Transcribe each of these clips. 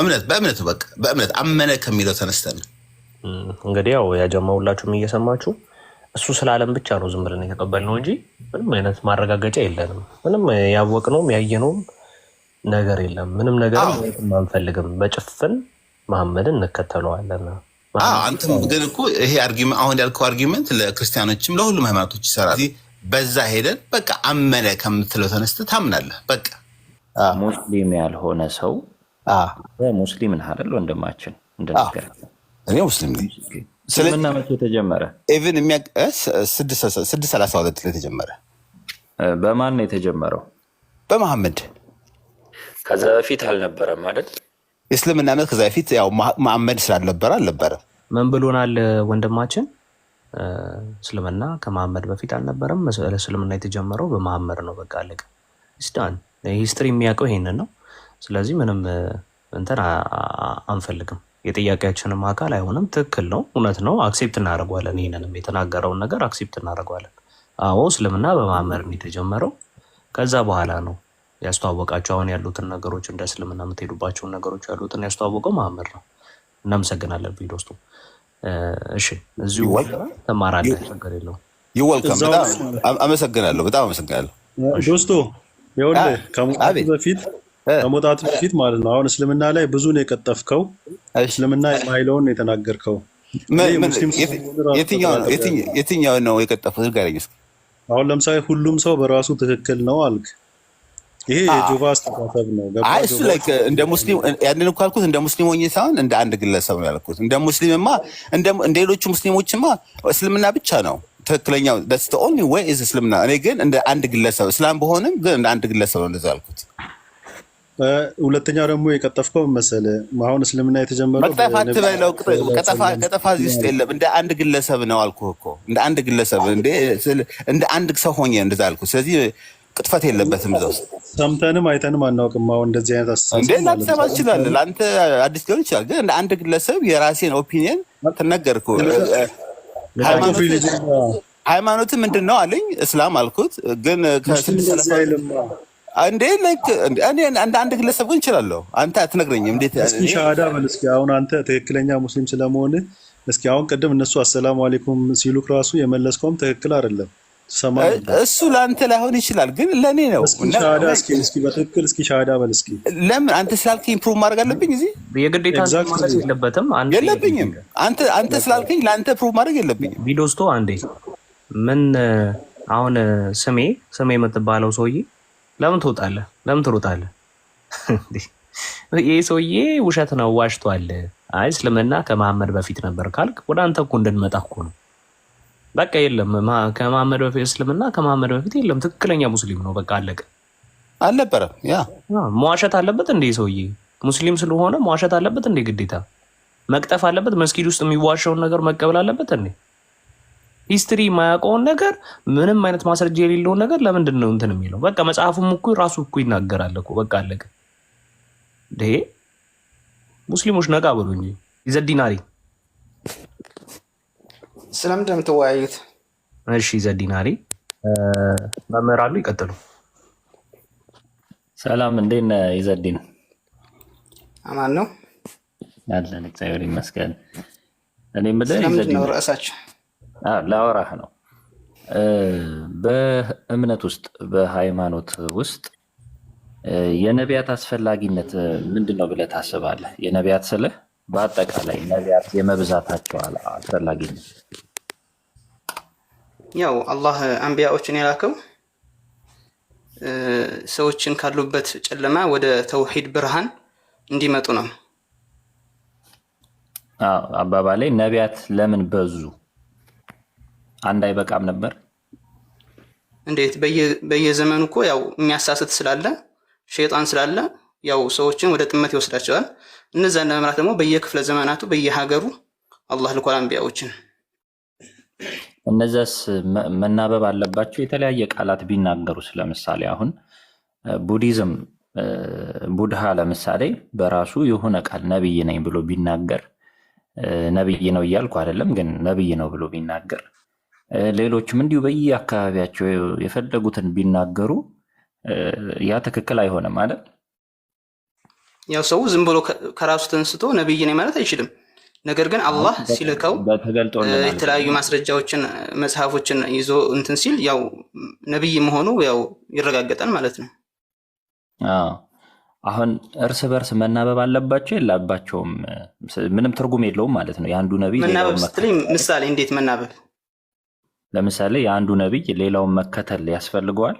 እምነት በእምነቱ በቃ በእምነት አመነ ከሚለው ተነስተን እንግዲህ ያው ያጀማ ሁላችሁም እየሰማችሁ እሱ ስለ ብቻ ነው ዝም ብለን የተቀበልነው እንጂ ምንም አይነት ማረጋገጫ የለንም። ምንም ያወቅነውም ያየነውም ነገር የለም። ምንም ነገር አንፈልግም። በጭፍን መሐመድን እንከተለዋለን። አንተም ግን እኮ ይሄ አሁን ያልከው አርጊመንት ለክርስቲያኖችም ለሁሉም ሃይማኖቶች ይሰራል። በዛ ሄደን በቃ አመነ ከምትለው ተነስተ ታምናለህ። በቃ ሙስሊም ያልሆነ ሰው ሙስሊም ነህ አይደል? ወንድማችን እንደነገር እኔ ሙስሊም ነኝ። ስልምና መቼ ተጀመረ? ኢቭን ስድስት ሰላሳ ሁለት ላይ ተጀመረ። በማን ነው የተጀመረው? በመሐመድ። ከዛ በፊት አልነበረም ማለት እስልምና እምነት ከዛ በፊት ያው መሐመድ ስላልነበረ አልነበረም። ምን ብሎናል ወንድማችን? እስልምና ከመሐመድ በፊት አልነበረም። እስልምና የተጀመረው በመሐመድ ነው። በቃ አለቀ። ስዳን ሂስትሪ የሚያውቀው ይሄንን ነው። ስለዚህ ምንም እንትን አንፈልግም። የጥያቄያችንም አካል አይሆንም። ትክክል ነው፣ እውነት ነው። አክሴፕት እናደርጓለን። ይህንንም የተናገረውን ነገር አክሴፕት እናደርጓለን። አዎ እስልምና በማመር ነው የተጀመረው። ከዛ በኋላ ነው ያስተዋወቃቸው አሁን ያሉትን ነገሮች እንደ እስልምና የምትሄዱባቸውን ነገሮች ያሉትን ያስተዋወቀው ማመር ነው። እናመሰግናለን። ቢዶስቱ እሺ፣ እዚሁ ተማራለህ፣ ችግር የለውም። አመሰግናለሁ። በጣም አመሰግናለሁ ዶስቶ። ይኸውልህ ከመውጣቱ በፊት ከመውጣት በፊት ማለት ነው። አሁን እስልምና ላይ ብዙ ነው የቀጠፍከው። እስልምና የማይለውን የተናገርከው የትኛው ነው የቀጠፍኩት? ጋርኝ አሁን ለምሳሌ ሁሉም ሰው በራሱ ትክክል ነው አልክ። ይሄ የጆቫ አስተሳሰብ ነው። እሱ እንደ ሙስሊም ያንን እኮ አልኩት። እንደ ሙስሊም ሆኜ ሳይሆን እንደ አንድ ግለሰብ ነው ያልኩት። እንደ ሙስሊምማ እንደ ሌሎቹ ሙስሊሞችማ እስልምና ብቻ ነው ትክክለኛው ኦንሊ ወይ እስልምና። እኔ ግን እንደ አንድ ግለሰብ እስላም በሆንም ግን እንደ አንድ ግለሰብ ነው እንደዛ ያልኩት። ሁለተኛው ደግሞ የቀጠፍከው መሰለ አሁን እስልምና የተጀመረው መቅጠፍ አትበለው። ቀጠፋ እዚህ ውስጥ የለም። እንደ አንድ ግለሰብ ነው አልኩህ እኮ እንደ አንድ ግለሰብ እንደ አንድ ሰው ሆኜ እንደዛ አልኩህ። ስለዚህ ቅጥፈት የለበትም እዛ ውስጥ። ሰምተንም አይተንም አናውቅም። አሁን እንደዚህ አይነት አስተሳሰብ እንዴ ላትሰማ ትችላለህ። ለአንተ አዲስ ሊሆን ይችላል፣ ግን እንደ አንድ ግለሰብ የራሴን ኦፒኒየን ተነገርኩህ። ሃይማኖት ምንድን ነው አለኝ። እስላም አልኩት። ግን ከስድስት እንዴ እንደ አንድ ግለሰብ ግን እችላለሁ። አንተ አትነግረኝም። እንዴት እስኪ ሻሃዳ በል እስኪ አሁን አንተ ትክክለኛ ሙስሊም ስለመሆን እስኪ አሁን ቅድም እነሱ አሰላሙ አሌይኩም ሲሉ ራሱ የመለስከውም ትክክል አይደለም። እሱ ለአንተ ላይሆን ይችላል፣ ግን ለእኔ ነው። በትክክል እስኪ ሻሃዳ በል እስኪ። ለምን አንተ ስላልከኝ ፕሩቭ ማድረግ አለብኝ? እዚህ የግዴታ ማለት የለበትም የለብኝም። አንተ ስላልከኝ ለአንተ ፕሩቭ ማድረግ የለብኝም። ቢዶስቶ አንዴ ምን አሁን ስሜ ስሜ የምትባለው ሰውዬ ለምን ትወጣለህ? ለምን ትሮጣለህ? ይህ ሰውዬ ውሸት ነው ዋሽቷል። አይ እስልምና ከመሐመድ በፊት ነበር ካልክ ወደ አንተ እኮ እንድንመጣ እኮ ነው። በቃ የለም ከመሐመድ በፊት እስልምና ከመሐመድ በፊት የለም። ትክክለኛ ሙስሊም ነው። በቃ አለቀ። አልነበረም። ያ መዋሸት አለበት እንዴ? ሰውዬ ሙስሊም ስለሆነ መዋሸት አለበት እንዴ? ግዴታ መቅጠፍ አለበት? መስጊድ ውስጥ የሚዋሸውን ነገር መቀበል አለበት እንዴ? ሂስትሪ የማያውቀውን ነገር ምንም አይነት ማስረጃ የሌለውን ነገር ለምንድን ነው እንትን የሚለው? በቃ መጽሐፉም እኮ ራሱ እኮ ይናገራል እኮ በቃ አለቀ። ሙስሊሞች ነቃ ብሎ እንጂ ይዘዲናሪ ስለምንድን ነው የምትወያዩት? እሺ ይዘዲናሪ መምህር አሉ ይቀጥሉ። ሰላም እንዴት ነህ ይዘዲን? አማን ነው ያለን፣ እግዚአብሔር ይመስገን። እኔ ምድር ነው ርዕሳቸው ላወራህ ነው። በእምነት ውስጥ በሃይማኖት ውስጥ የነቢያት አስፈላጊነት ምንድን ነው ብለህ ታስባለህ? የነቢያት ስልህ በአጠቃላይ ነቢያት የመብዛታቸው አስፈላጊነት ያው አላህ አንቢያዎችን የላከው ሰዎችን ካሉበት ጨለማ ወደ ተውሂድ ብርሃን እንዲመጡ ነው። አባባላይ ነቢያት ለምን በዙ? አንድ አይበቃም ነበር? እንዴት በየዘመኑ እኮ ያው የሚያሳስት ስላለ ሸይጣን ስላለ ያው ሰዎችን ወደ ጥመት ይወስዳቸዋል። እነዛን ለመምራት ደግሞ በየክፍለ ዘመናቱ በየሀገሩ አላህ ልኳል አንቢያዎችን። እነዚያስ መናበብ አለባቸው። የተለያየ ቃላት ቢናገሩ ለምሳሌ አሁን ቡዲዝም ቡድሃ ለምሳሌ በራሱ የሆነ ቃል ነብይ ነኝ ብሎ ቢናገር ነብይ ነው እያልኩ አይደለም፣ ግን ነብይ ነው ብሎ ቢናገር ሌሎችም እንዲሁ በየአካባቢያቸው የፈለጉትን ቢናገሩ ያ ትክክል አይሆንም አይደል? ያው ሰው ዝም ብሎ ከራሱ ተንስቶ ነብይ ነኝ ማለት አይችልም። ነገር ግን አላህ ሲልከው የተለያዩ ማስረጃዎችን መጽሐፎችን ይዞ እንትን ሲል ያው ነብይ መሆኑ ያው ይረጋገጣል ማለት ነው። አሁን እርስ በርስ መናበብ አለባቸው የላባቸውም፣ ምንም ትርጉም የለውም ማለት ነው። የአንዱ ነቢይ መናበብ ስትለኝ ምሳሌ እንዴት መናበብ ለምሳሌ የአንዱ ነቢይ ሌላውን መከተል ያስፈልገዋል?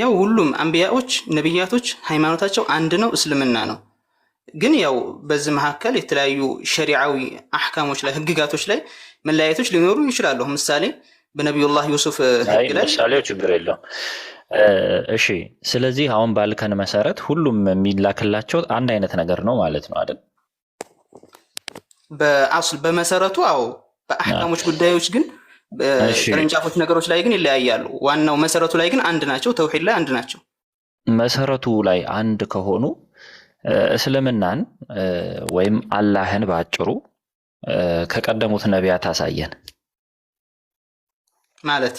ያው ሁሉም አንቢያዎች ነቢያቶች ሃይማኖታቸው አንድ ነው፣ እስልምና ነው። ግን ያው በዚህ መካከል የተለያዩ ሸሪዓዊ አሕካሞች ላይ ህግጋቶች ላይ መለያየቶች ሊኖሩ ይችላሉ። ምሳሌ በነቢዩላህ ዩሱፍ ህግ ላይ ምሳሌው ችግር የለውም። እሺ፣ ስለዚህ አሁን ባልከን መሰረት ሁሉም የሚላክላቸው አንድ አይነት ነገር ነው ማለት ነው አይደል? በአሱል በመሰረቱ አዎ በአህካሞች ጉዳዮች ግን ቅርንጫፎች ነገሮች ላይ ግን ይለያያሉ። ዋናው መሰረቱ ላይ ግን አንድ ናቸው። ተውሂድ ላይ አንድ ናቸው። መሰረቱ ላይ አንድ ከሆኑ እስልምናን ወይም አላህን በአጭሩ ከቀደሙት ነቢያት አሳየን ማለት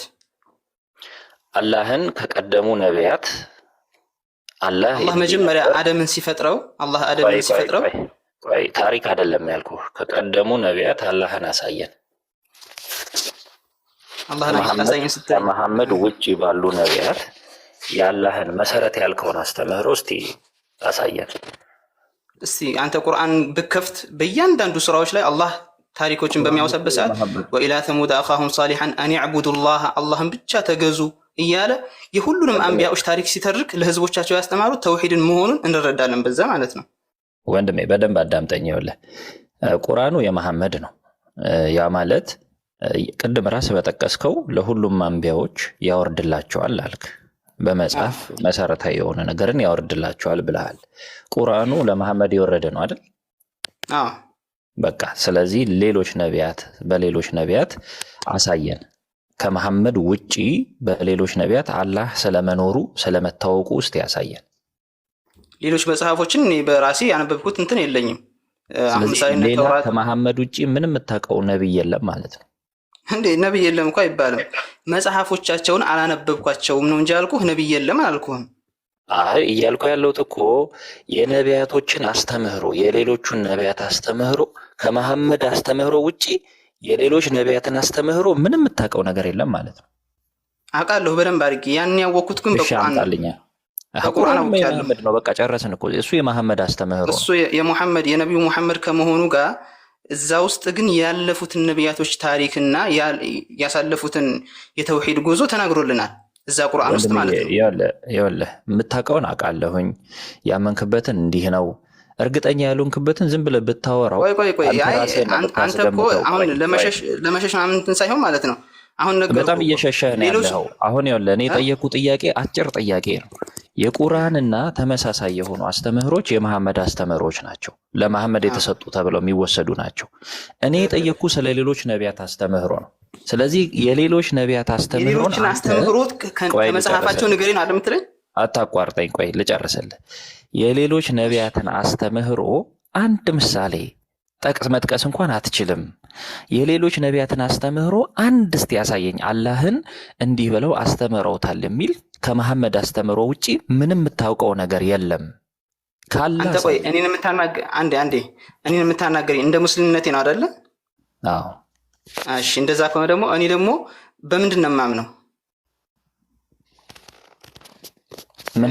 አላህን ከቀደሙ ነቢያት አላህ መጀመሪያ አደምን ሲፈጥረው አላህ አደምን ሲፈጥረው ታሪክ አይደለም ያልኩህ፣ ከቀደሙ ነቢያት አላህን አሳየን ከመሐመድ ውጭ ባሉ ነቢያት የአላህን መሰረት ያልከውን አስተምህሮ እስቲ አሳየን። እስቲ አንተ ቁርአን ብከፍት በእያንዳንዱ ስራዎች ላይ አላህ ታሪኮችን በሚያወሳበት ሰዓት ወኢላ ተሙድ አኻሁም ሳሊሐን አን ዕቡዱላህ አላህን ብቻ ተገዙ እያለ የሁሉንም አንቢያዎች ታሪክ ሲተርክ ለህዝቦቻቸው ያስተማሩት ተውሂድን መሆኑን እንረዳለን። በዛ ማለት ነው። ወንድሜ በደንብ አዳምጠኝ። ይኸውልህ ቁርአኑ የመሐመድ ነው። ያ ማለት ቅድም ራስ በጠቀስከው ለሁሉም አንቢያዎች ያወርድላቸዋል አልክ። በመጽሐፍ መሰረታዊ የሆነ ነገርን ያወርድላቸዋል ብለሃል። ቁርአኑ ለመሐመድ የወረደ ነው አይደል? በቃ ስለዚህ ሌሎች ነቢያት በሌሎች ነቢያት አሳየን። ከመሐመድ ውጪ በሌሎች ነቢያት አላህ ስለመኖሩ ስለመታወቁ ውስጥ ያሳየን። ሌሎች መጽሐፎችን በራሴ ያነበብኩት እንትን የለኝም። ሌላ ከመሐመድ ውጪ ምንም የምታውቀው ነቢይ የለም ማለት ነው። እንዴ ነብይ የለም እኮ አይባልም። መጽሐፎቻቸውን አላነበብኳቸውም ነው እንጂ አልኩህ። ነብይ የለም አላልኩህም። አይ እያልኩ ያለሁት እኮ የነቢያቶችን አስተምህሮ የሌሎቹን ነቢያት አስተምህሮ ከመሐመድ አስተምህሮ ውጪ የሌሎች ነቢያትን አስተምህሮ ምንም የምታውቀው ነገር የለም ማለት ነው። አውቃለሁ በደንብ አድርጌ። ያን ያወቅኩት ግን በቁርአንልኛ በቁርአን ነው። በቃ ጨረስን እኮ። እሱ የመሐመድ አስተምህሮ እሱ የሙሐመድ የነቢዩ ሙሐመድ ከመሆኑ ጋር እዛ ውስጥ ግን ያለፉትን ነቢያቶች ታሪክና ያሳለፉትን የተውሒድ ጉዞ ተናግሮልናል። እዛ ቁርአን ውስጥ ማለት ነው። ይኸውልህ የምታውቀውን አውቃለሁኝ፣ ያመንክበትን እንዲህ ነው እርግጠኛ ያልሆንክበትን ዝም ብለህ ብታወራው። ቆይ ቆይ ቆይ፣ አንተ እኮ አሁን ለመሸሽ ምናምን ሳይሆን ማለት ነው። አሁን ነገር በጣም እየሸሸህ ነው ያለው። አሁን ይኸውልህ እኔ የጠየኩህ ጥያቄ አጭር ጥያቄ ነው። የቁርአንና ተመሳሳይ የሆኑ አስተምህሮች የመሐመድ አስተምህሮች ናቸው። ለመሐመድ የተሰጡ ተብለው የሚወሰዱ ናቸው። እኔ የጠየቅኩ ስለ ሌሎች ነቢያት አስተምህሮ ነው። ስለዚህ የሌሎች ነቢያት አስተምህሮን አስተምህሮት ከመጽሐፋቸው ንገሪን አለምትለኝ አታቋርጠኝ። ቆይ ልጨርስልህ። የሌሎች ነቢያትን አስተምህሮ አንድ ምሳሌ ጠቅስ መጥቀስ እንኳን አትችልም። የሌሎች ነቢያትን አስተምህሮ አንድ እስቲ ያሳየኝ፣ አላህን እንዲህ ብለው አስተምረውታል የሚል ከመሐመድ አስተምሮ ውጪ ምንም የምታውቀው ነገር የለም። ካላቆይ እኔን እንደ ሙስሊምነቴ ነው አደለ? እሺ፣ እንደዛ ከሆነ ደግሞ እኔ ደግሞ በምንድን ነው የማምነው?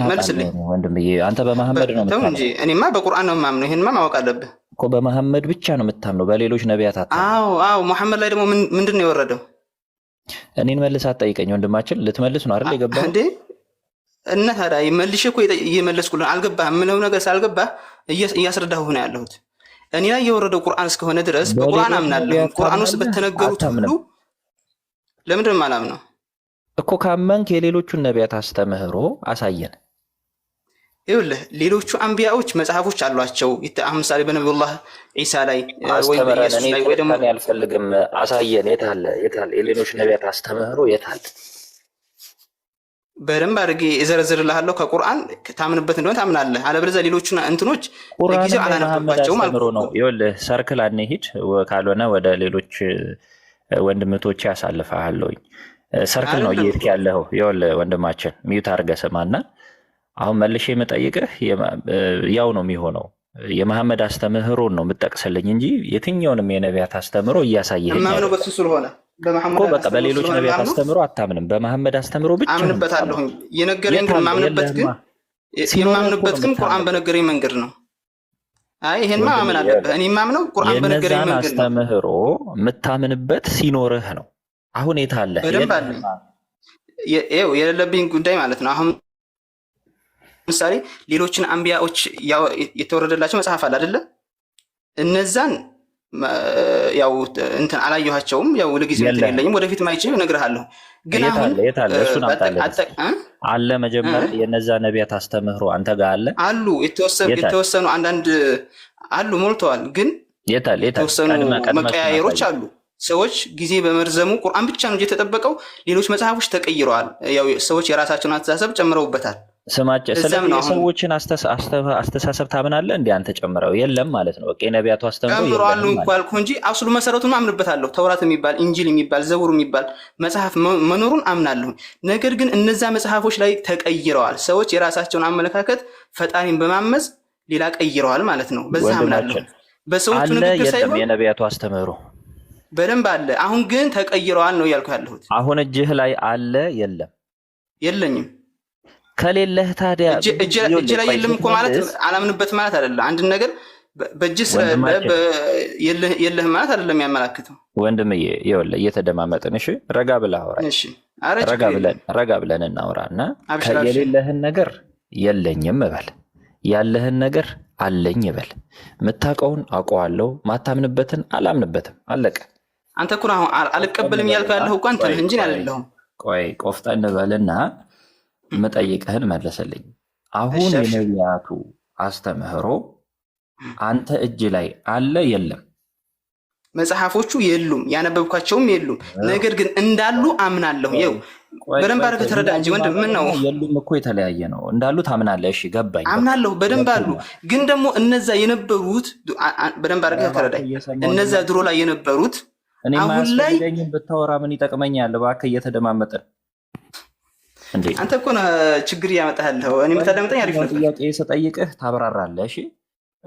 መልስልኝ ወንድምዬ። አንተ በመሐመድ ነው እኔማ በቁርአን ነው የማምነው። ይህንማ ማወቅ አለብህ። እኮ በመሐመድ ብቻ ነው የምታምነው፣ በሌሎች ነቢያት አታምነው። አዎ አዎ። መሐመድ ላይ ደግሞ ምንድን ነው የወረደው? እኔን መልስ አትጠይቀኝ ወንድማችን። ልትመልስ ነው አይደል የገባህ እንዴ? እና ታዲያ መልሼ እኮ እየመለስኩልህ አልገባህም። የምለው ነገር ሳልገባህ እያስረዳሁህ ነው ያለሁት። እኔ ላይ የወረደው ቁርአን እስከሆነ ድረስ በቁርአን አምናለሁ። ቁርአን ውስጥ በተነገሩት ሁሉ ለምንድን ማላም ነው እኮ። ካመንክ የሌሎቹን ነቢያት አስተምህሮ አሳየን። ይኸውልህ ሌሎቹ አንቢያዎች መጽሐፎች አሏቸው። ምሳሌ በነቢዩላህ ዒሳ ላይ ወይ አልፈልግም፣ አሳየን። የት አለ የት አለ የሌሎች ነቢያት አስተምህሮ የት አለ? በደንብ አድርጌ እዘረዝርልሃለሁ። ከቁርአን ታምንበት እንደሆነ ታምናለህ፣ አለበለዚያ ሌሎቹ እንትኖች ለጊዜው አላነበባቸውም ነው። ይኸውልህ ሰርክል አንሂድ፣ ካልሆነ ወደ ሌሎች ወንድምቶች ያሳልፈሃለሁኝ። ሰርክል ነው እየሄድክ ያለኸው። ይኸውልህ ወንድማችን ሚዩት አድርገህ ስማና አሁን መልሼ የምጠይቅህ ያው ነው የሚሆነው። የመሐመድ አስተምህሮን ነው የምጠቅስልኝ እንጂ የትኛውንም የነቢያት አስተምሮ እያሳየኸኝ በቃ በሌሎች ነቢያት አስተምሮ አታምንም። በመሐመድ አስተምሮ ብቻ አምንበታለሁኝ። የነገረኝ ግን የማምንበት ግን የማምንበት ግን ቁርአን በነገረኝ መንገድ ነው። አይ ይሄንማ ማመን አለብህ። እኔ የማምነው ቁርአን በነገረኝ መንገድ ነው። አስተምህሮ የምታምንበት ሲኖርህ ነው። አሁን የታለህ? በደንብ አለኝ። የሌለብኝ ጉዳይ ማለት ነው አሁን ምሳሌ ሌሎችን አንቢያዎች የተወረደላቸው መጽሐፍ አለ አደለ? እነዛን ያው እንትን አላየኋቸውም። ያው ሁልጊዜ እንትን የለኝም። ወደፊት ማይችል እነግርሃለሁ። ግን አሁን አለ መጀመሪያ የነዛ ነቢያት አስተምህሮ አንተ ጋር አለ አሉ። የተወሰኑ አንዳንድ አሉ ሞልተዋል። ግን የተወሰኑ መቀያየሮች አሉ። ሰዎች ጊዜ በመርዘሙ ቁርአን ብቻ ነው የተጠበቀው። ሌሎች መጽሐፎች ተቀይረዋል። ያው ሰዎች የራሳቸውን አስተሳሰብ ጨምረውበታል። ስማቸው ስለዚህ የሰዎችን አስተሳሰብ ታምናለህ? እንደ አንተ ጨምረው የለም ማለት ነው። በቃ የነቢያቱ አስተምሮ አሉ ባልኩ እንጂ አብሶሉ መሰረቱን አምንበታለሁ። ተውራት የሚባል እንጂል የሚባል ዘቡር የሚባል መጽሐፍ መኖሩን አምናለሁ። ነገር ግን እነዛ መጽሐፎች ላይ ተቀይረዋል። ሰዎች የራሳቸውን አመለካከት ፈጣሪን በማመፅ ሌላ ቀይረዋል ማለት ነው። በዛ አምናለሁ። በሰዎቹ ንግግር ሳይሆን የነቢያቱ አስተምህሮ በደንብ አለ። አሁን ግን ተቀይረዋል ነው እያልኩ ያለሁት። አሁን እጅህ ላይ አለ የለም? የለኝም ከሌለህ ታዲያ እጅ ላይ የለም እኮ ማለት አላምንበት ማለት አይደለም። አንድን ነገር በእጅ የለህ ማለት አይደለም ያመላክተው። ወንድምዬ ይኸውልህ፣ እየተደማመጥን እሺ፣ ረጋ ብለህ አውራ፣ ረጋ ብለን እናውራ እና የሌለህን ነገር የለኝም እበል፣ ያለህን ነገር አለኝ እበል። የምታውቀውን አውቀዋለሁ፣ ማታምንበትን አላምንበትም። አለቀ። አንተ እኮ አሁን አልቀበልም እያልከው ያለሁ እኮ አንተ እንጂ አይደለሁም። ቆይ ቆፍጠን በልና መጠየቅህን መለሰልኝ። አሁን የነቢያቱ አስተምህሮ አንተ እጅ ላይ አለ የለም? መጽሐፎቹ የሉም፣ ያነበብኳቸውም የሉም። ነገር ግን እንዳሉ አምናለሁ። ይኸው በደንብ አድርገህ ተረዳ እንጂ ወንድም። ምን ነው የሉም እኮ የተለያየ ነው። እንዳሉ ታምናለህ? እሺ ገባኝ፣ አምናለሁ። በደንብ አሉ። ግን ደግሞ እነዛ የነበሩት በደንብ አድርገህ ተረዳ፣ እነዛ ድሮ ላይ የነበሩት አሁን ላይ ብታወራ ምን ይጠቅመኛል? እባክህ እየተደማመጥን አንተ እኮ ችግር እያመጣለው እኔ የምታዳምጠኝ አሪፍ ነበር። ጥያቄ ስጠይቅህ ታብራራለህ። እሺ።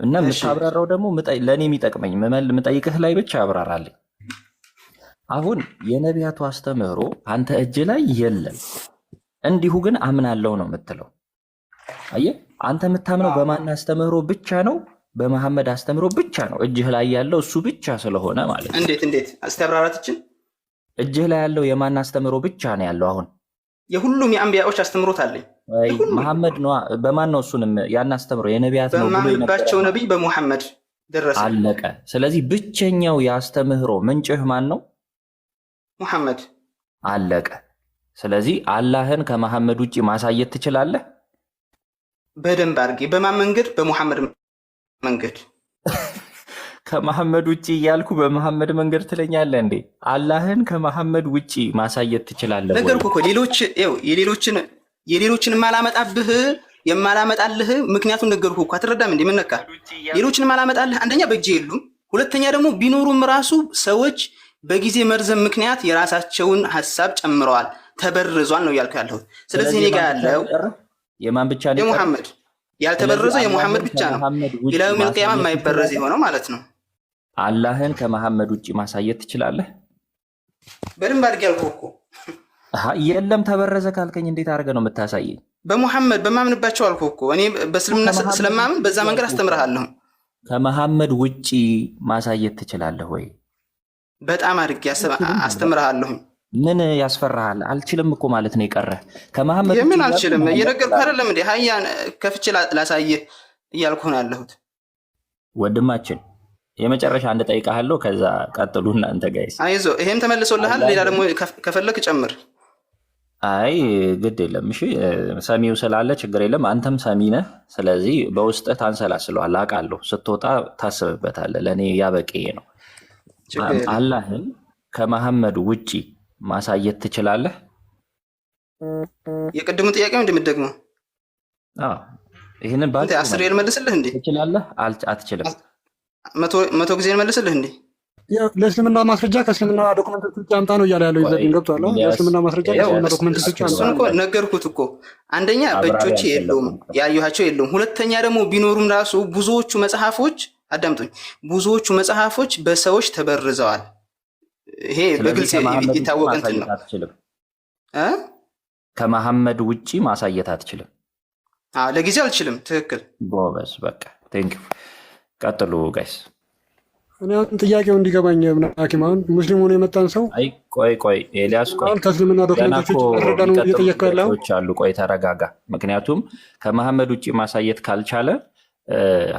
እና የምታብራራው ደግሞ ለእኔ የሚጠቅመኝ ምጠይቅህ ላይ ብቻ አብራራለኝ። አሁን የነቢያቱ አስተምህሮ አንተ እጅ ላይ የለም፣ እንዲሁ ግን አምናለው ነው የምትለው። አየህ፣ አንተ የምታምነው በማን አስተምህሮ ብቻ ነው? በመሐመድ አስተምህሮ ብቻ ነው። እጅህ ላይ ያለው እሱ ብቻ ስለሆነ ማለት ነው። እንዴት እንዴት አስተብራራትችን እጅህ ላይ ያለው የማን አስተምህሮ ብቻ ነው ያለው አሁን የሁሉም የአንቢያዎች አስተምሮት አለኝ። መሐመድ ነ በማን ነው? እሱንም ያን አስተምሮ የነቢያት ነው ነቢይ በሙሐመድ ደረሰ፣ አለቀ። ስለዚህ ብቸኛው የአስተምህሮ ምንጭህ ማን ነው? ሙሐመድ፣ አለቀ። ስለዚህ አላህን ከመሐመድ ውጭ ማሳየት ትችላለህ? በደንብ አድርጌ። በማን መንገድ? በሙሐመድ መንገድ ከመሐመድ ውጭ እያልኩ በመሐመድ መንገድ ትለኛለ እንዴ? አላህን ከመሐመድ ውጭ ማሳየት ትችላለህ? ነገርኩህ እኮ ሌሎች የሌሎችን የሌሎችን የማላመጣብህ የማላመጣልህ ምክንያቱም ነገርኩህ እኮ አትረዳም እንዴ? ምነካ ሌሎችን የማላመጣልህ አንደኛ በእጅ የሉም፣ ሁለተኛ ደግሞ ቢኖሩም ራሱ ሰዎች በጊዜ መርዘም ምክንያት የራሳቸውን ሀሳብ ጨምረዋል፣ ተበርዟል ነው እያልኩ ያለሁት። ስለዚህ እኔ ጋ ያለው የማን ብቻ ነው? የሙሐመድ ያልተበረዘ የሙሐመድ ብቻ ነው። ኢላሁ ምልቅያማ የማይበረዝ የሆነው ማለት ነው። አላህን ከመሐመድ ውጭ ማሳየት ትችላለህ? በደንብ አድርጌ ያልኩህ እኮ የለም። ተበረዘ ካልከኝ እንዴት አድርገህ ነው የምታሳየኝ? በሙሐመድ በማምንባቸው አልኩህ እኮ እኔ በእስልምና ስለማምን በዛ መንገድ አስተምርሃለሁ። ከመሐመድ ውጭ ማሳየት ትችላለህ ወይ? በጣም አድርጌ አስተምርሃለሁ። ምን ያስፈራሃል? አልችልም እኮ ማለት ነው የቀረ ከመሐመድ የምን አልችልም? እየነገርኩህ አይደለም እንዴ? ሀያን ከፍቼ ላሳየህ እያልኩህ ነው ያለሁት ወንድማችን የመጨረሻ አንድ ጠይቃለሁ። ከዛ ቀጥሉ እናንተ ጋይስ። አይዞ ይሄም ተመልሶልሃል። ሌላ ደግሞ ከፈለክ ጨምር። አይ ግድ የለም። እሺ ሰሚው ስላለ ችግር የለም። አንተም ሰሚ ነህ። ስለዚህ በውስጥህ ታንሰላስለዋል፣ አውቃለሁ። ስትወጣ ታስብበታለህ። ለእኔ ያበቄ ነው። አላህን ከመሐመድ ውጪ ማሳየት ትችላለህ? የቅድሙ ጥያቄ ምደግመው? ይህንን ባል አስር ልመልስልህ እንዴ? ትችላለህ? አትችልም መቶ ጊዜ እንመልስልህ እንዴ? ለእስልምና ማስረጃ ከእስልምና ዶክመንቶች ውጭ አምጣ ነው እያለ ያለው ይዘን ገብቷል። ለእስልምና ማስረጃ ከእስልምና ዶክመንቶች ውጭ አምጣ እኮ ነገርኩት እኮ። አንደኛ በእጆች የለውም ያየኋቸው የለውም። ሁለተኛ ደግሞ ቢኖሩም ራሱ ብዙዎቹ መጽሐፎች አዳምጡኝ፣ ብዙዎቹ መጽሐፎች በሰዎች ተበርዘዋል። ይሄ በግልጽ የታወቀ እንትን ነው። ከመሐመድ ውጭ ማሳየት አትችልም። ለጊዜው አልችልም። ትክክል። ጎበዝ። በቃ ቴንኪው ቀጥሉ ጋይስ። እኔ አሁን ጥያቄው እንዲገባኝ ሐኪም አሁን ሙስሊም ሆኖ የመጣን ሰው አይ ቆይ ቆይ ኤልያስ ቆይ ከእስልምና ዶክመንቶች አሉ። ቆይ ተረጋጋ። ምክንያቱም ከመሐመድ ውጭ ማሳየት ካልቻለ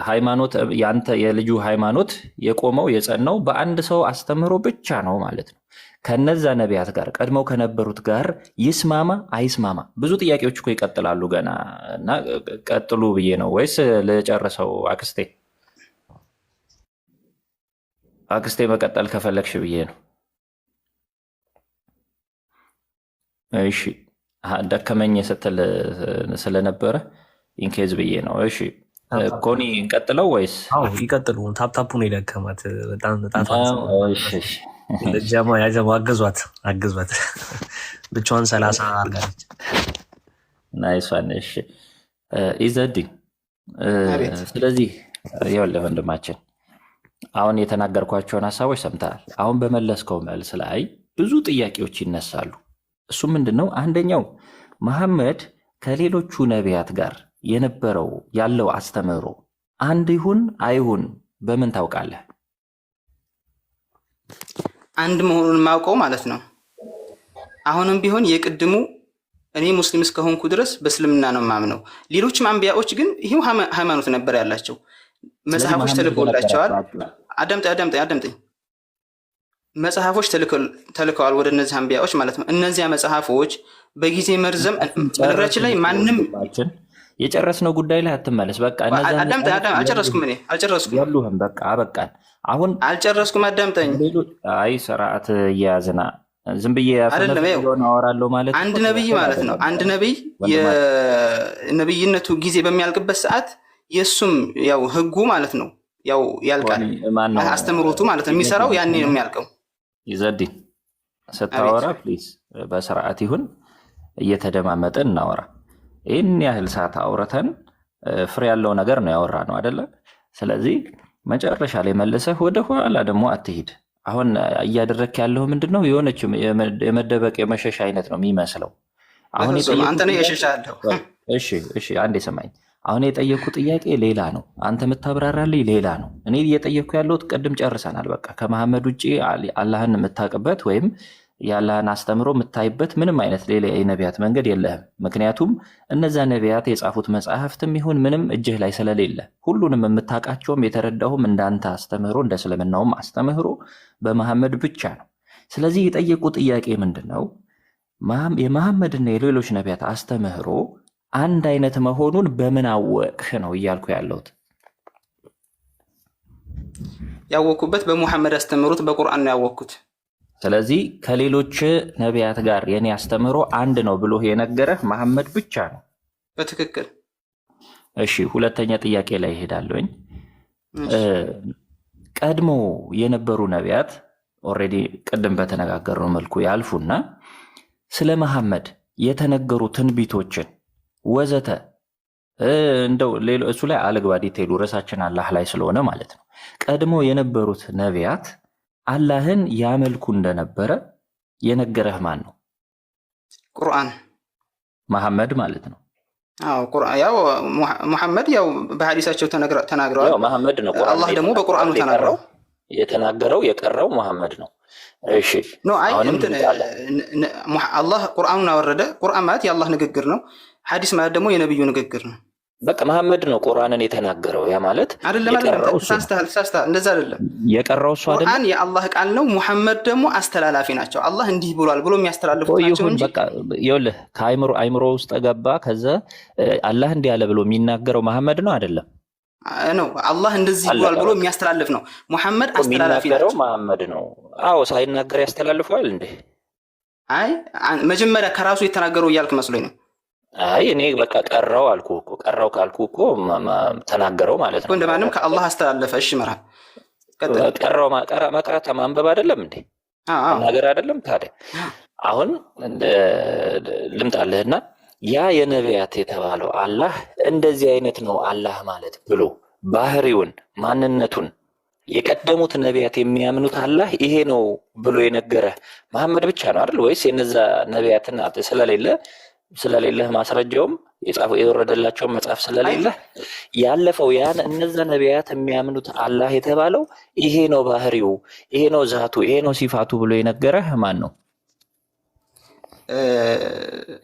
ሃይማኖት ያንተ የልጁ ሃይማኖት የቆመው የጸናው በአንድ ሰው አስተምህሮ ብቻ ነው ማለት ነው። ከነዛ ነቢያት ጋር ቀድመው ከነበሩት ጋር ይስማማ አይስማማ፣ ብዙ ጥያቄዎች እኮ ይቀጥላሉ ገና እና ቀጥሉ ብዬ ነው ወይስ ለጨረሰው አክስቴ አክስቴ መቀጠል ከፈለግሽ ብዬ ነው። እሺ ደከመኝ ስትል ስለነበረ ኢንኬዝ ብዬ ነው። እሺ ኮኒ እንቀጥለው ወይስ ይቀጥሉ? ታፕታፑ ነው የደከማት በጣም ጣፋ አገዟት አገዟት ብቻዋን ሰላሳ አርጋለች። ናይሷን ኢዘዲ ስለዚህ ይኸውልህ ወንድማችን አሁን የተናገርኳቸውን ሀሳቦች ሰምተሃል። አሁን በመለስከው መልስ ላይ ብዙ ጥያቄዎች ይነሳሉ። እሱ ምንድን ነው? አንደኛው መሐመድ ከሌሎቹ ነቢያት ጋር የነበረው ያለው አስተምህሮ አንድ ይሁን አይሁን በምን ታውቃለህ? አንድ መሆኑን የማውቀው ማለት ነው። አሁንም ቢሆን የቅድሙ እኔ ሙስሊም እስከሆንኩ ድረስ በእስልምና ነው የማምነው። ሌሎችም አንቢያዎች ግን ይህም ሃይማኖት ነበር ያላቸው። መጽሐፎች ተልኮላቸዋል። አዳምጠኝ አዳምጠኝ አዳምጠኝ። መጽሐፎች ተልከዋል ወደ እነዚህ አንቢያዎች ማለት ነው። እነዚያ መጽሐፎች በጊዜ መርዘም በነገራችን ላይ ማንም የጨረስነው ጉዳይ ላይ አትመለስ። በቃ አልጨረስኩም፣ እኔ አልጨረስኩም። ያሉህም በቃ በቃን። አሁን አልጨረስኩም፣ አዳምጠኝ። አይ ስርዓት እየያዝና ዝም ብዬ አወራለሁ ማለት አንድ ነብይ ማለት ነው። አንድ ነብይ የነቢይነቱ ጊዜ በሚያልቅበት ሰዓት የእሱም ያው ህጉ ማለት ነው ያው ያልቃል አስተምሮቱ ማለት ነው። የሚሰራው ያኔ ነው የሚያልቀው። ይዘዲ ስታወራ ፕሊዝ በስርዓት ይሁን፣ እየተደማመጠን እናወራ። ይህን ያህል ሰዓት አውረተን ፍሬ ያለው ነገር ነው ያወራ ነው አደለ? ስለዚህ መጨረሻ ላይ መልሰህ ወደ ኋላ ደግሞ አትሂድ። አሁን እያደረክ ያለው ምንድን ነው? የሆነች የመደበቅ የመሸሽ አይነት ነው የሚመስለው። አሁን አንተ ነው የሸሻ ያለው። እሺ እሺ፣ አንዴ ስማኝ አሁን የጠየቅኩ ጥያቄ ሌላ ነው። አንተ የምታብራራልኝ ሌላ ነው። እኔ እየጠየቅኩ ያለሁት ቅድም ጨርሰናል። በቃ ከመሐመድ ውጭ አላህን የምታውቅበት ወይም የአላህን አስተምሮ የምታይበት ምንም አይነት ሌላ የነቢያት መንገድ የለህም። ምክንያቱም እነዛ ነቢያት የጻፉት መጽሐፍትም ይሁን ምንም እጅህ ላይ ስለሌለ ሁሉንም የምታውቃቸውም የተረዳሁም እንዳንተ አስተምህሮ እንደ እስልምናውም አስተምህሮ በመሐመድ ብቻ ነው። ስለዚህ የጠየቁ ጥያቄ ምንድን ነው? የመሐመድና የሌሎች ነቢያት አስተምህሮ አንድ አይነት መሆኑን በምን አወቅህ ነው እያልኩ ያለሁት። ያወቅኩበት በሙሐመድ አስተምህሮት በቁርአን ነው ያወቅኩት። ስለዚህ ከሌሎች ነቢያት ጋር የኔ አስተምሮ አንድ ነው ብሎ የነገረህ መሐመድ ብቻ ነው። በትክክል እሺ። ሁለተኛ ጥያቄ ላይ ይሄዳለኝ። ቀድሞ የነበሩ ነቢያት ኦልሬዲ ቅድም በተነጋገርነው መልኩ ያልፉና ስለ መሐመድ የተነገሩ ትንቢቶችን ወዘተ እንደው ሌሎ እሱ ላይ አልግባ ዲቴሉ ርዕሳችን አላህ ላይ ስለሆነ ማለት ነው። ቀድሞ የነበሩት ነቢያት አላህን ያመልኩ እንደነበረ የነገረህ ማን ነው? ቁርአን መሐመድ ማለት ነው። ያው ሙሐመድ ያው በሀዲሳቸው ተናግረዋል። መሐመድ ነው። አላህ ደግሞ በቁርአኑ ተናግረው የተናገረው የቀረው መሐመድ ነው። እሺ ኖ አይ እንትን አላህ ቁርአኑን አወረደ። ቁርአን ማለት የአላህ ንግግር ነው። ሐዲስ ማለት ደግሞ የነብዩ ንግግር ነው። በቃ መሐመድ ነው ቁርአንን የተናገረው። ያ ማለት አይደለም የቀረው እሱ አይደለም። ቁርአን የአላህ ቃል ነው። ሙሐመድ ደግሞ አስተላላፊ ናቸው። አላህ እንዲህ ብሏል ብሎ የሚያስተላልፉት ናቸው እንጂ በቃ ይኸውልህ፣ ከአይምሮ አይምሮ ውስጥ ገባ። ከዛ አላህ እንዲህ አለ ብሎ የሚናገረው መሐመድ ነው አይደለም ነው አላህ እንደዚህ ብሏል ብሎ የሚያስተላልፍ ነው። ሙሐመድ አስተላላፊ ናቸው። መሐመድ ነው። አዎ ሳይናገር ያስተላልፈዋል እንዴ? አይ መጀመሪያ ከራሱ የተናገረው እያልክ መስሎኝ ነው። አይ እኔ በቃ ቀረው አልኩ እኮ ቀረው ካልኩ እኮ ተናገረው ማለት ነው። እንደማንም ከአላህ አስተላለፈ። እሺ መርሃ ቀረው መቅራት ማንበብ አይደለም እንዴ? ተናገር አይደለም ታዲያ? አሁን ልምጣልህና ያ የነቢያት የተባለው አላህ እንደዚህ አይነት ነው አላህ ማለት ብሎ ባህሪውን፣ ማንነቱን የቀደሙት ነቢያት የሚያምኑት አላህ ይሄ ነው ብሎ የነገረ መሐመድ ብቻ ነው አይደል? ወይስ የነዛ ነቢያትን ስለሌለ ስለሌለህ ማስረጃውም የወረደላቸውን መጽሐፍ ስለሌለ ያለፈው ያን እነዛ ነቢያት የሚያምኑት አላህ የተባለው ይሄ ነው ባህሪው፣ ይሄ ነው ዛቱ፣ ይሄ ነው ሲፋቱ ብሎ የነገረ ማን ነው?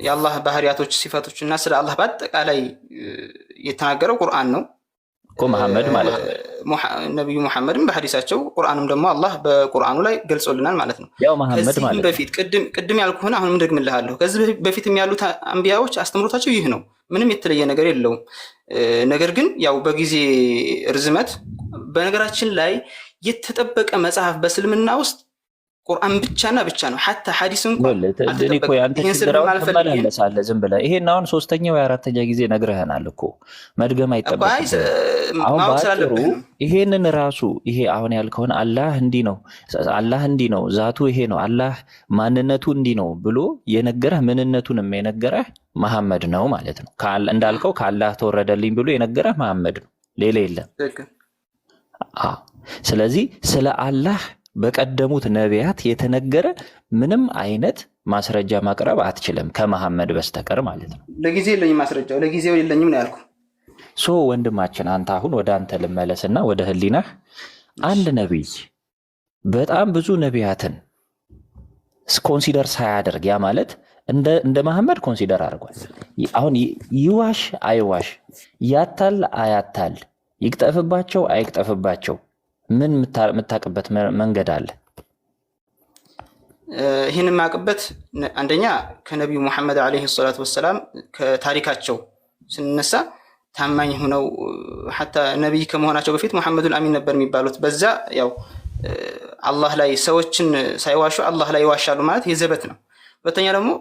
የአላህ ባህሪያቶች፣ ሲፈቶች እና ስለ አላህ በአጠቃላይ የተናገረው ቁርአን ነው እኮ መሐመድ ማለት ነው። ነቢዩ መሐመድም በሀዲሳቸው ቁርአንም ደግሞ አላህ በቁርአኑ ላይ ገልጾልናል ማለት ነው። ከዚህም በፊት ቅድም ያልኩህን አሁንም ደግምልሃለሁ። ከዚህ በፊትም ያሉት አንቢያዎች አስተምሮታቸው ይህ ነው። ምንም የተለየ ነገር የለውም። ነገር ግን ያው በጊዜ ርዝመት በነገራችን ላይ የተጠበቀ መጽሐፍ በእስልምና ውስጥ ቁርአን ብቻና ብቻ ነው። ሐታ ሐዲስ እንኳን ዝም ብለህ ይሄን አሁን ሶስተኛ ወይ አራተኛ ጊዜ ነግረህናል እኮ መድገም አይጠበቅም። አሁን ይሄንን ራሱ ይሄ አሁን ያልከውን አላህ እንዲህ ነው፣ አላህ እንዲህ ነው፣ ዛቱ ይሄ ነው፣ አላህ ማንነቱ እንዲህ ነው ብሎ የነገረህ ምንነቱንም የነገረህ መሐመድ ነው ማለት ነው። እንዳልከው ከአላህ ተወረደልኝ ብሎ የነገረህ መሐመድ ነው፣ ሌላ የለም። ስለዚህ ስለ አላህ በቀደሙት ነቢያት የተነገረ ምንም አይነት ማስረጃ ማቅረብ አትችልም ከመሐመድ በስተቀር ማለት ነው። ለጊዜ የለኝ ማስረጃ ለጊዜ የለኝም ነው ያልኩ። ሶ ወንድማችን አንተ አሁን ወደ አንተ ልመለስና ወደ ህሊናህ አንድ ነቢይ በጣም ብዙ ነቢያትን ኮንሲደር ሳያደርግ ያ ማለት እንደ መሐመድ ኮንሲደር አድርጓል። አሁን ይዋሽ አይዋሽ፣ ያታል አያታል፣ ይቅጠፍባቸው አይቅጠፍባቸው ምን የምታውቅበት መንገድ አለ? ይህን የማውቅበት አንደኛ ከነቢዩ ሙሐመድ ዓለይሂ ሰላቱ ወሰላም ከታሪካቸው ስንነሳ ታማኝ ሆነው ሐታ ነቢይ ከመሆናቸው በፊት ሙሐመዱን አሚን ነበር የሚባሉት። በዛ ያው አላህ ላይ ሰዎችን ሳይዋሹ አላህ ላይ ይዋሻሉ ማለት የዘበት ነው። ሁለተኛ ደግሞ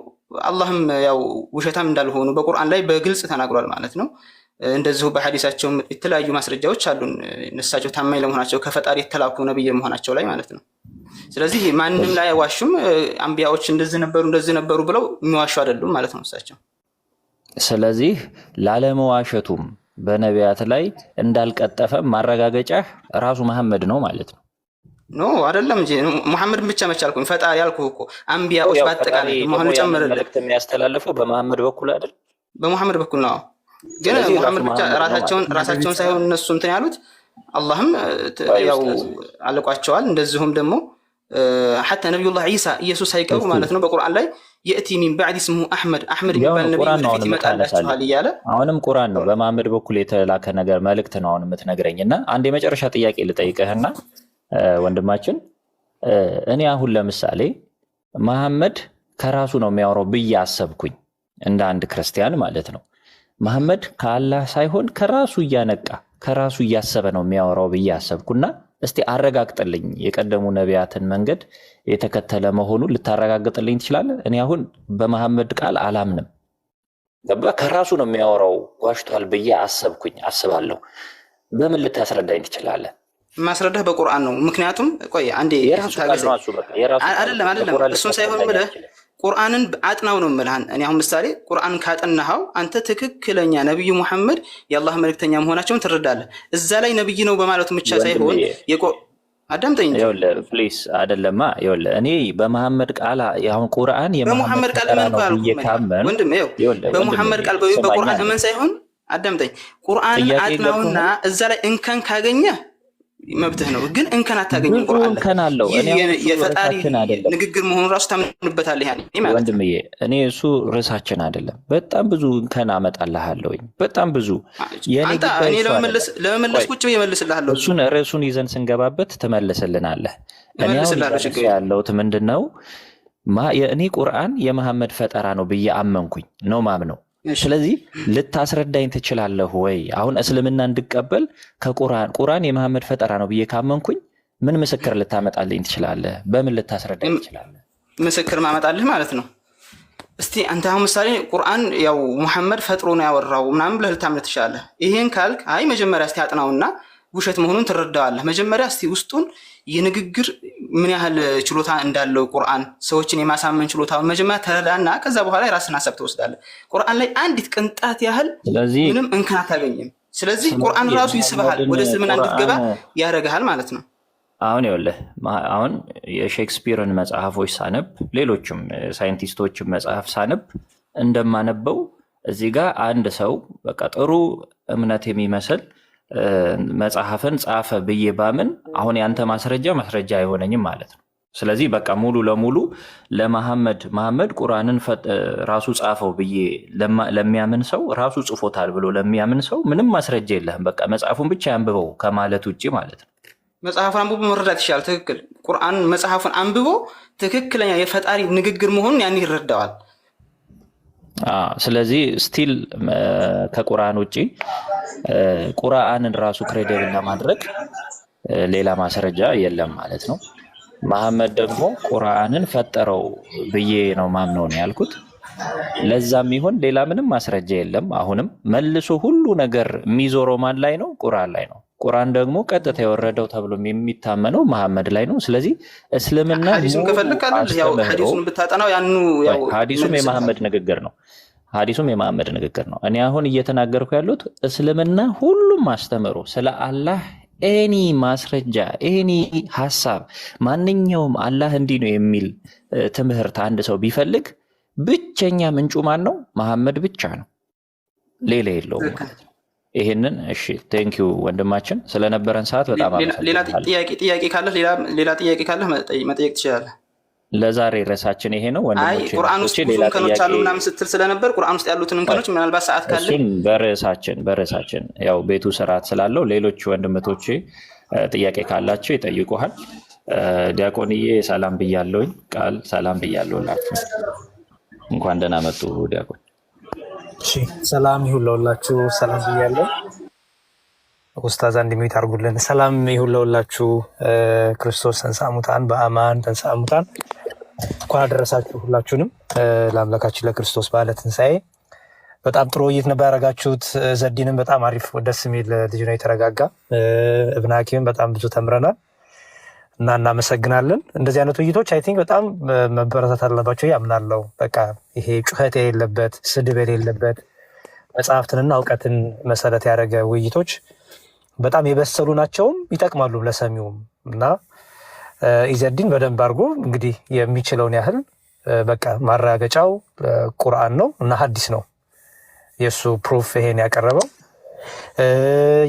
አላህም ያው ውሸታም እንዳልሆኑ በቁርአን ላይ በግልጽ ተናግሯል ማለት ነው። እንደዚሁ በሀዲሳቸው የተለያዩ ማስረጃዎች አሉን እነሳቸው ታማኝ ለመሆናቸው ከፈጣሪ የተላኩ ነብይ መሆናቸው ላይ ማለት ነው። ስለዚህ ማንም ላይ አይዋሹም። አንቢያዎች እንደዚህ ነበሩ እንደዚህ ነበሩ ብለው የሚዋሹ አይደሉም ማለት ነው እሳቸው። ስለዚህ ላለመዋሸቱም በነቢያት ላይ እንዳልቀጠፈም ማረጋገጫ ራሱ መሐመድ ነው ማለት ነው። ኖ አይደለም እ ሙሐመድን ብቻ አልኩኝ። ፈጣሪ አልኩ እኮ አንቢያዎች በአጠቃላይ መሆኑ ጨምርልህ። መልዕክት የሚያስተላልፈው በመሐመድ በኩል አይደል? በሙሐመድ በኩል ነው። ግን ሙሐመድ ብቻ ራሳቸውን ሳይሆን እነሱ እንትን ያሉት አላህም ያው አልቋቸዋል። እንደዚሁም ደግሞ ሐታ ነቢዩላህ ዒሳ ኢየሱስ ሳይቀሩ ማለት ነው በቁርአን ላይ የእቲ ሚን ባዕድ ስሙ አሕመድ አሕመድ የሚባል ነቢ ወደፊት ይመጣላችኋል እያለ አሁንም ቁርአን ነው በመሐመድ በኩል የተላከ ነገር መልእክት ነው አሁን የምትነግረኝ። እና አንድ የመጨረሻ ጥያቄ ልጠይቅህና ወንድማችን እኔ አሁን ለምሳሌ መሐመድ ከራሱ ነው የሚያወራው ብዬ አሰብኩኝ እንደ አንድ ክርስቲያን ማለት ነው መሐመድ ከአላህ ሳይሆን ከራሱ እያነቃ ከራሱ እያሰበ ነው የሚያወራው ብዬ አሰብኩና እስቲ አረጋግጥልኝ የቀደሙ ነቢያትን መንገድ የተከተለ መሆኑን ልታረጋግጥልኝ ትችላለህ? እኔ አሁን በመሐመድ ቃል አላምንም። ገባ? ከራሱ ነው የሚያወራው ጓሽቷል ብዬ አሰብኩኝ አስባለሁ። በምን ልታስረዳኝ ትችላለህ? ማስረዳህ በቁርአን ነው። ምክንያቱም ቆይ አንዴ የራሱ አይደለም እሱን ሳይሆን ብለህ ቁርአንን አጥናው ነው የምልህ። እኔ አሁን ምሳሌ ቁርአን ካጠናኸው አንተ ትክክለኛ ነብዩ ሙሐመድ የአላህ መልእክተኛ መሆናቸውን ትረዳለህ። እዛ ላይ ነብይ ነው በማለቱ ብቻ ሳይሆን አዳምጠኝ ፕሊስ። አይደለማ ይኸውልህ፣ እኔ በመሐመድ ቃል አሁን ቁርአን በሙሐመድ ቃል እመን ወንድም፣ በሙሐመድ ቃል በቁርአን እመን ሳይሆን አዳምጠኝ። ቁርአን አጥናውና እዛ ላይ እንከን ካገኘህ መብትህ ነው፣ ግን እንከን አታገኝም። እንከን አለው የፈጣሪ ንግግር መሆኑ ራሱ ታምንበታለህ። ወንድምዬ እኔ እሱ ርዕሳችን አይደለም። በጣም ብዙ እንከን አመጣልሃለሁ። በጣም ብዙ ለመመለስ ቁጭ ብዬ እሱን ርዕሱን ይዘን ስንገባበት ትመልስልናለህ። እኔ ያለሁት ምንድን ነው እኔ ቁርአን የመሐመድ ፈጠራ ነው ብዬ አመንኩኝ ነው ማምነው ስለዚህ ልታስረዳኝ ትችላለህ ወይ? አሁን እስልምና እንድቀበል ከቁርአን ቁርአን የመሐመድ ፈጠራ ነው ብዬ ካመንኩኝ ምን ምስክር ልታመጣልኝ ትችላለህ? በምን ልታስረዳኝ ትችላለህ? ምስክር ማመጣልህ ማለት ነው። እስቲ አንተ አሁን ምሳሌ ቁርአን ያው ሙሐመድ ፈጥሮ ነው ያወራው ምናምን ብለህ ልታምነት ትችላለህ። ይሄን ካልክ አይ መጀመሪያ እስቲ አጥናውና ውሸት መሆኑን ትረዳዋለህ። መጀመሪያ እስቲ ውስጡን የንግግር ምን ያህል ችሎታ እንዳለው ቁርአን ሰዎችን የማሳመን ችሎታ መጀመሪያ ተረዳና ከዛ በኋላ የራስን ሀሳብ ትወስዳለህ። ቁርአን ላይ አንዲት ቅንጣት ያህል ምንም እንከን አታገኝም። ስለዚህ ቁርአን ራሱ ይስብሃል፣ ወደ እስልምና እንድትገባ ያደርግሃል ማለት ነው። አሁን ይኸውልህ አሁን የሼክስፒርን መጽሐፎች ሳነብ፣ ሌሎችም ሳይንቲስቶችን መጽሐፍ ሳነብ እንደማነበው እዚህ ጋር አንድ ሰው በቃ ጥሩ እምነት የሚመስል መጽሐፍን ጻፈ ብዬ ባምን አሁን ያንተ ማስረጃ ማስረጃ አይሆነኝም ማለት ነው። ስለዚህ በቃ ሙሉ ለሙሉ ለመሐመድ መሐመድ ቁርአንን ራሱ ጻፈው ብዬ ለሚያምን ሰው ራሱ ጽፎታል ብሎ ለሚያምን ሰው ምንም ማስረጃ የለህም። በቃ መጽሐፉን ብቻ ያንብበው ከማለት ውጭ ማለት ነው። መጽሐፉን አንብቦ መረዳት ይችላል። ትክክል ቁርአን መጽሐፉን አንብቦ ትክክለኛ የፈጣሪ ንግግር መሆኑን ያን ይረዳዋል። ስለዚህ ስቲል ከቁርአን ውጭ ቁርአንን ራሱ ክሬዲብል ለማድረግ ሌላ ማስረጃ የለም ማለት ነው። መሐመድ ደግሞ ቁርአንን ፈጠረው ብዬ ነው ማምነው ነው ያልኩት። ለዛም ይሁን ሌላ ምንም ማስረጃ የለም። አሁንም መልሶ ሁሉ ነገር የሚዞረው ማን ላይ ነው? ቁርአን ላይ ነው። ቁርአን ደግሞ ቀጥታ የወረደው ተብሎ የሚታመነው መሐመድ ላይ ነው። ስለዚህ እስልምና ሀዲሱም የመሐመድ ንግግር ነው። ሀዲሱም የመሐመድ ንግግር ነው። እኔ አሁን እየተናገርኩ ያሉት እስልምና ሁሉም አስተምሮ ስለ አላህ ኤኒ ማስረጃ ኤኒ ሀሳብ ማንኛውም አላህ እንዲህ ነው የሚል ትምህርት አንድ ሰው ቢፈልግ ብቸኛ ምንጩ ማን ነው? መሐመድ ብቻ ነው። ሌላ የለውም ማለት ነው። ይሄንን እሺ፣ ቴንኪዩ ወንድማችን ስለነበረን ሰዓት በጣም ጥያቄ ካለ ሌላ ጥያቄ ካለህ መጠየቅ ትችላለ ለዛሬ ረሳችን ይሄ ነው። ወንድቁርአን ውስጥ ብዙ እንከኖች አሉ ምናምን ስትል ስለነበር ቁርአን ውስጥ ያሉትን እንከኖች ምናልባት ሰዓት ካለ እሱን በርዕሳችን በርዕሳችን ያው ቤቱ ስርዓት ስላለው ሌሎች ወንድምቶች ጥያቄ ካላቸው ይጠይቁሃል። ዲያቆንዬ ሰላም ብያለውኝ ቃል ሰላም ብያለሁላችሁ። እንኳን ደህና መጡ ዲያቆን። እሺ ሰላም ይሁን ለሁላችሁ። ሰላም ብያለሁ። ኡስታዝ አንድ ሚዩት አድርጉልን። ሰላም ይሁን ለሁላችሁ። ክርስቶስ ተንሥአ እሙታን በአማን ተንሥአ እሙታን። እንኳን አደረሳችሁ ሁላችሁንም ለአምላካችን ለክርስቶስ በዓለ ትንሣኤ። በጣም ጥሩ ውይይት ነበር ያደረጋችሁት። ዘዲንም በጣም አሪፍ ደስ የሚል ልጅ ነው የተረጋጋ። እብናኪምን በጣም ብዙ ተምረናል። እና እናመሰግናለን። እንደዚህ አይነት ውይይቶች አይ ቲንክ በጣም መበረታት አለባቸው ያምናለው። በቃ ይሄ ጩኸት የሌለበት ስድብ የሌለበት መጽሐፍትንና እውቀትን መሰረት ያደረገ ውይይቶች በጣም የበሰሉ ናቸውም ይጠቅማሉ ለሰሚውም እና ኢዘዲን በደንብ አድርጎ እንግዲህ የሚችለውን ያህል በቃ ማረጋገጫው ቁርአን ነው እና ሀዲስ ነው የእሱ ፕሩፍ ይሄን ያቀረበው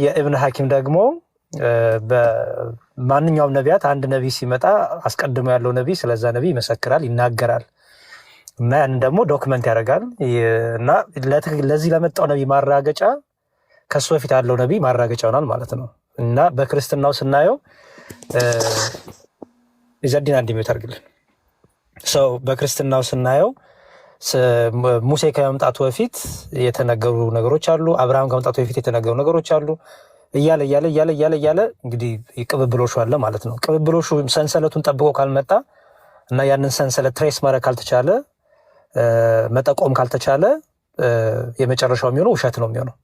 የእብን ሐኪም ደግሞ በማንኛውም ነቢያት አንድ ነቢይ ሲመጣ አስቀድሞ ያለው ነቢይ ስለዛ ነቢይ ይመሰክራል፣ ይናገራል እና ያንን ደግሞ ዶክመንት ያደርጋል እና ለዚህ ለመጣው ነቢይ ማራገጫ ከሱ በፊት ያለው ነቢይ ማራገጫ ይሆናል ማለት ነው እና በክርስትናው ስናየው ዘዲን አንድ ሚዩት አድርግልን ሰው በክርስትናው ስናየው ሙሴ ከመምጣቱ በፊት የተነገሩ ነገሮች አሉ። አብርሃም ከመምጣቱ በፊት የተነገሩ ነገሮች አሉ። እያለ እያለ እያለ እያለ እያለ እንግዲህ ቅብብሎሹ አለ ማለት ነው። ቅብብሎሹ ሰንሰለቱን ጠብቆ ካልመጣ እና ያንን ሰንሰለት ትሬስ ማድረግ ካልተቻለ መጠቆም ካልተቻለ የመጨረሻው የሚሆነው ውሸት ነው የሚሆነው።